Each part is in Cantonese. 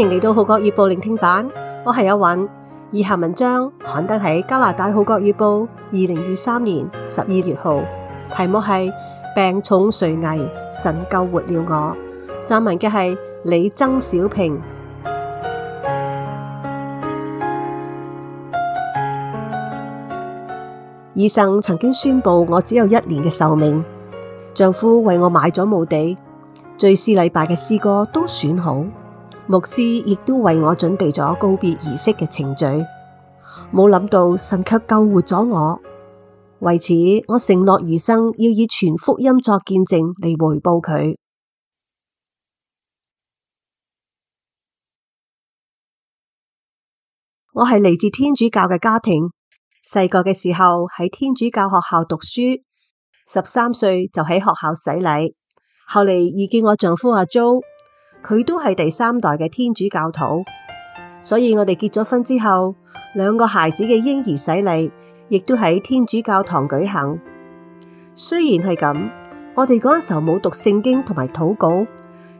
歡迎嚟到《好國月報》聆聽版，我係阿允。以下文章刊登喺加拿大《好國月報》二零二三年十二月號，題目係《病重垂危，神救活了我》。撰文嘅係李曾小平。醫生 曾經宣佈我只有一年嘅壽命，丈夫為我買咗墓地，追思禮拜嘅詩歌都選好。牧師亦都為我準備咗告別儀式嘅程序，冇諗到神卻救活咗我。為此，我承諾餘生要以傳福音作見證嚟回報佢。我係嚟自天主教嘅家庭，細個嘅時候喺天主教學校讀書，十三歲就喺學校洗禮，後嚟遇見我丈夫阿、啊、Jo。佢都係第三代嘅天主教徒，所以我哋結咗婚之後，兩個孩子嘅嬰兒洗禮亦都喺天主教堂舉行。雖然係咁，我哋嗰陣時候冇讀聖經同埋禱告，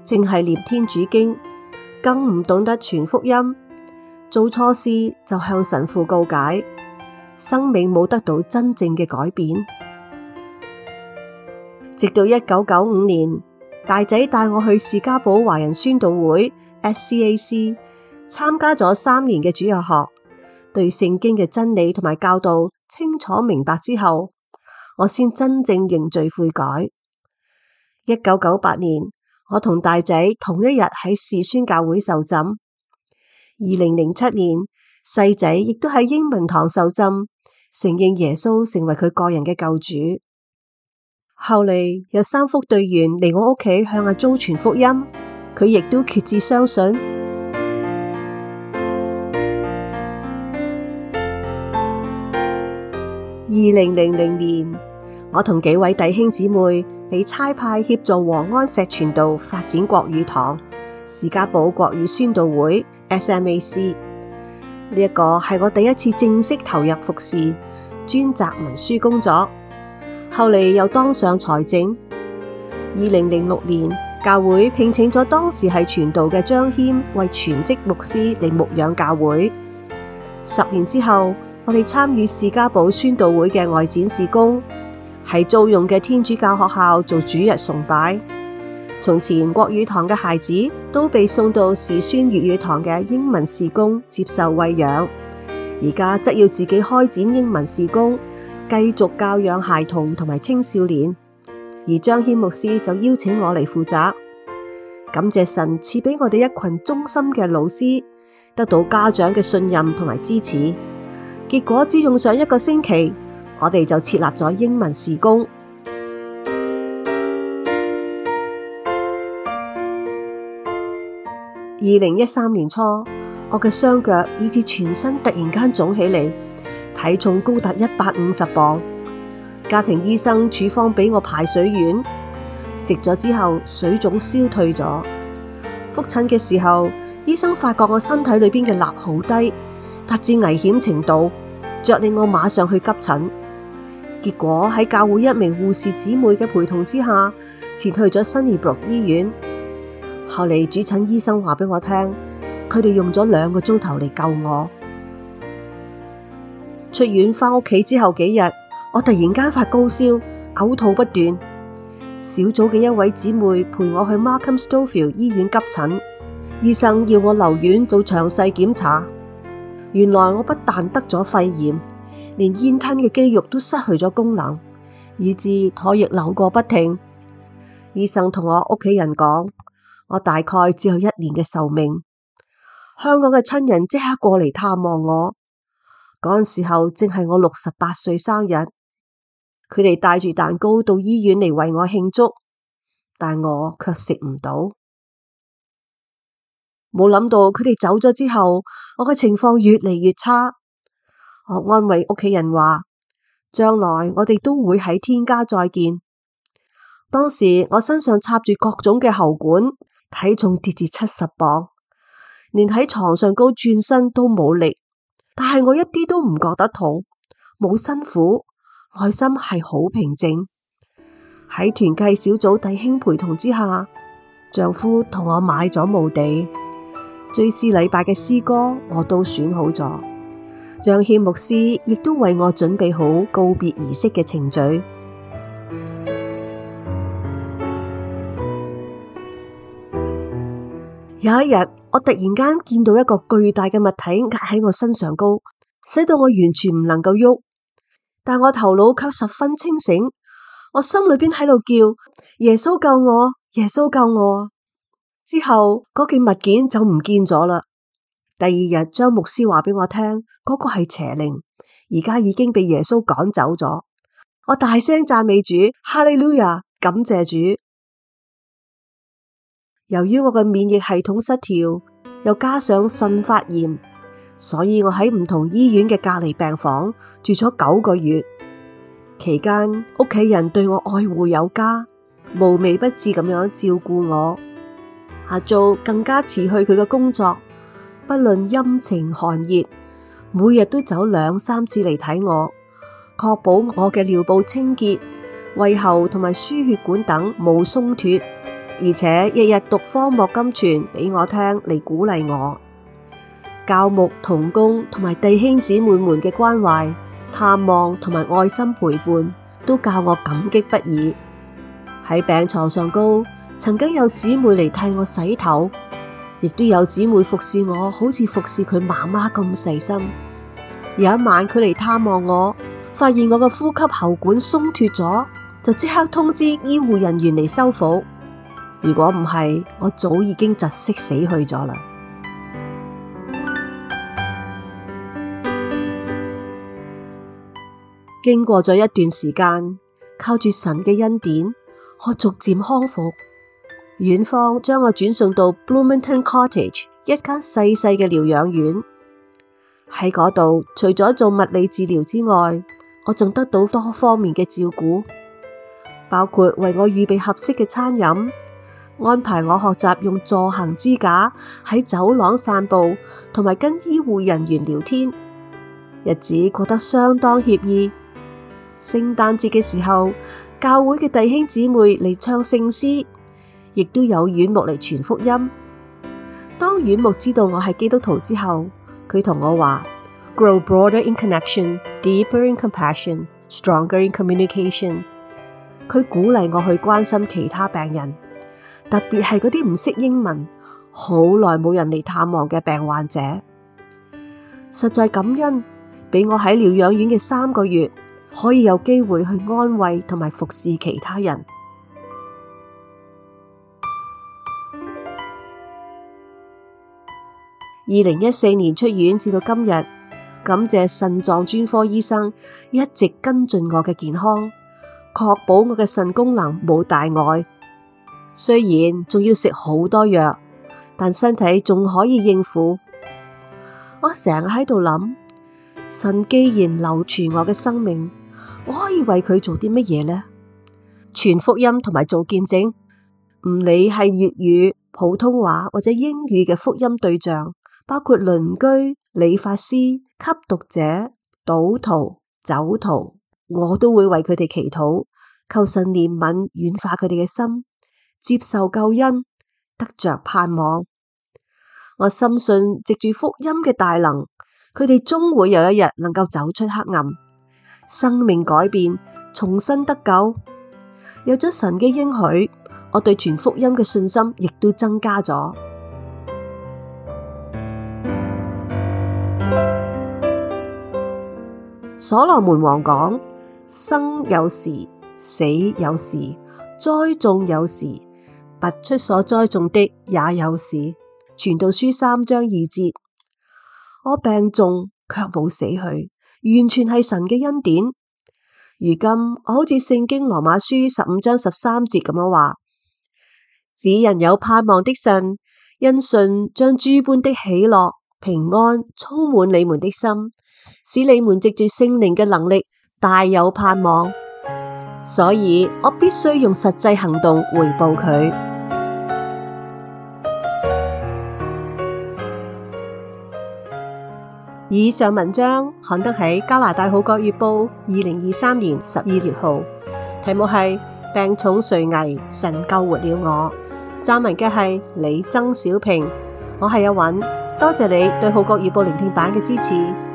淨係念天主經，更唔懂得傳福音，做錯事就向神父告解，生命冇得到真正嘅改變。直到一九九五年。大仔帶我去士嘉堡華人宣道會 SCAC 參加咗三年嘅主日學，對聖經嘅真理同埋教導清楚明白之後，我先真正認罪悔改。一九九八年，我同大仔同一日喺士宣教會受浸。二零零七年，細仔亦都喺英文堂受浸，承認耶穌成為佢個人嘅救主。後嚟有三福隊員嚟我屋企向阿朱傳福音，佢亦都決志相信。二零零零年，我同幾位弟兄姊妹被差派協助黃安石傳道發展國語堂，士嘉堡國語宣道會 SMAC。呢一個係我第一次正式投入服侍，專責文書工作。後嚟又當上財政。二零零六年，教會聘請咗當時係傳道嘅張謙為全職牧師嚟牧養教會。十年之後，我哋參與士嘉堡宣道會嘅外展事工，係租用嘅天主教學校做主日崇拜。從前國語堂嘅孩子都被送到士宣粵語堂嘅英文事工接受喂養，而家則要自己開展英文事工。繼續教養孩童同埋青少年，而張謙牧師就邀請我嚟負責。感謝神賜俾我哋一群忠心嘅老師，得到家長嘅信任同埋支持。結果只用上一個星期，我哋就設立咗英文時工。二零一三年初，我嘅雙腳以至全身突然間腫起嚟。體重高達一百五十磅，家庭醫生處方俾我排水丸，食咗之後水腫消退咗。復診嘅時候，醫生發覺我身體裏邊嘅鈉好低，達至危險程度，着令我馬上去急診。結果喺教會一名護士姊妹嘅陪同之下，前去咗新怡博醫院。後嚟主診醫生話俾我聽，佢哋用咗兩個鐘頭嚟救我。出院返屋企之後幾日，我突然間發高燒、嘔吐不斷。小組嘅一位姊妹陪我去 Markham Stouffville 醫院急診，醫生要我留院做詳細檢查。原來我不但得咗肺炎，連咽吞嘅肌肉都失去咗功能，以致唾液流個不停。醫生同我屋企人講，我大概只有一年嘅壽命。香港嘅親人即刻過嚟探望我。嗰陣時候正係我六十八歲生日，佢哋帶住蛋糕到醫院嚟為我慶祝，但我却食唔到。冇諗到佢哋走咗之後，我嘅情況越嚟越差。我安慰屋企人話：將來我哋都會喺天家再見。當時我身上插住各種嘅喉管，體重跌至七十磅，連喺床上高轉身都冇力。但係我一啲都唔覺得痛，冇辛苦，內心係好平靜。喺團契小組弟兄陪同之下，丈夫同我買咗墓地，追思禮拜嘅詩歌我都選好咗，象獻牧師亦都為我準備好告別儀式嘅程序。有一日，我突然間見到一個巨大嘅物體壓喺我身上高，使到我完全唔能夠喐。但我頭腦卻十分清醒，我心裏邊喺度叫，耶穌救我，耶穌救我！之後嗰件物件就唔見咗啦。第二日，張牧師話俾我聽，嗰個係邪靈，而家已經被耶穌趕走咗。我大聲讚美主，哈利路亞！感謝主。由於我嘅免疫系統失調，又加上腎發炎，所以我喺唔同醫院嘅隔離病房住咗九個月。期間，屋企人對我愛護有加，無微不至咁樣照顧我。阿祖更加辭去佢嘅工作，不論陰晴寒熱，每日都走兩三次嚟睇我，確保我嘅尿布清潔、胃喉同埋輸血管等冇鬆脫。而且日日讀《方莫金傳》俾我聽嚟，鼓勵我，教牧童工同埋弟兄姊妹們嘅關懷、探望同埋愛心陪伴，都教我感激不已。喺病床上高，曾經有姊妹嚟替我洗頭，亦都有姊妹服侍我，好似服侍佢媽媽咁細心。有一晚佢嚟探望我，發現我個呼吸喉管鬆脫咗，就即刻通知醫護人員嚟修服。如果唔係，我早已經窒息死去咗啦。經過咗一段時間，靠住神嘅恩典，我逐漸康復。院方將我轉送到 Bloomington Cottage 一間細細嘅療養院。喺嗰度，除咗做物理治療之外，我仲得到多方面嘅照顧，包括為我預備合適嘅餐飲。安排我學習用助行支架喺走廊散步，同埋跟醫護人員聊天，日子過得相當愜意。聖誕節嘅時候，教會嘅弟兄姊妹嚟唱聖詩，亦都有院牧嚟傳福音。當院牧知道我係基督徒之後，佢同我話：Grow broader in connection, deeper in compassion, stronger in communication。佢鼓勵我去關心其他病人。特別係嗰啲唔識英文、好耐冇人嚟探望嘅病患者，實在感恩俾我喺療養院嘅三個月，可以有機會去安慰同埋服侍其他人。二零一四年出院至到今日，感謝腎臟專科醫生一直跟進我嘅健康，確保我嘅腎功能冇大礙。雖然仲要食好多藥，但身體仲可以應付。我成日喺度諗，神既然留住我嘅生命，我可以為佢做啲乜嘢呢？傳福音同埋做見證，唔理係粵語、普通話或者英語嘅福音對象，包括鄰居、理髮師、吸毒者、賭徒、酒徒，我都會為佢哋祈禱，求神憐憫，軟化佢哋嘅心。接受救恩，得着盼望。我深信藉住福音嘅大能，佢哋終會有一日能夠走出黑暗，生命改變，重新得救。有咗神嘅應許，我對全福音嘅信心亦都增加咗。所羅門王講：生有時，死有時；栽種有時，拔出所栽種的也有時，傳道書三章二節。我病重却冇死去，完全係神嘅恩典。如今我好似聖經羅馬書十五章十三節咁樣話，使人有盼望的神，因信將諸般的喜樂、平安充滿你們的心，使你們藉住聖靈嘅能力大有盼望。所以我必須用實際行動回報佢。以上文章刊登喺加拿大《號角月報》二零二三年十二月號，題目係《病重垂危，神救活了我》。撰文嘅係李曾小平，我係阿韻，多謝你對《號角月報》聆聽版嘅支持。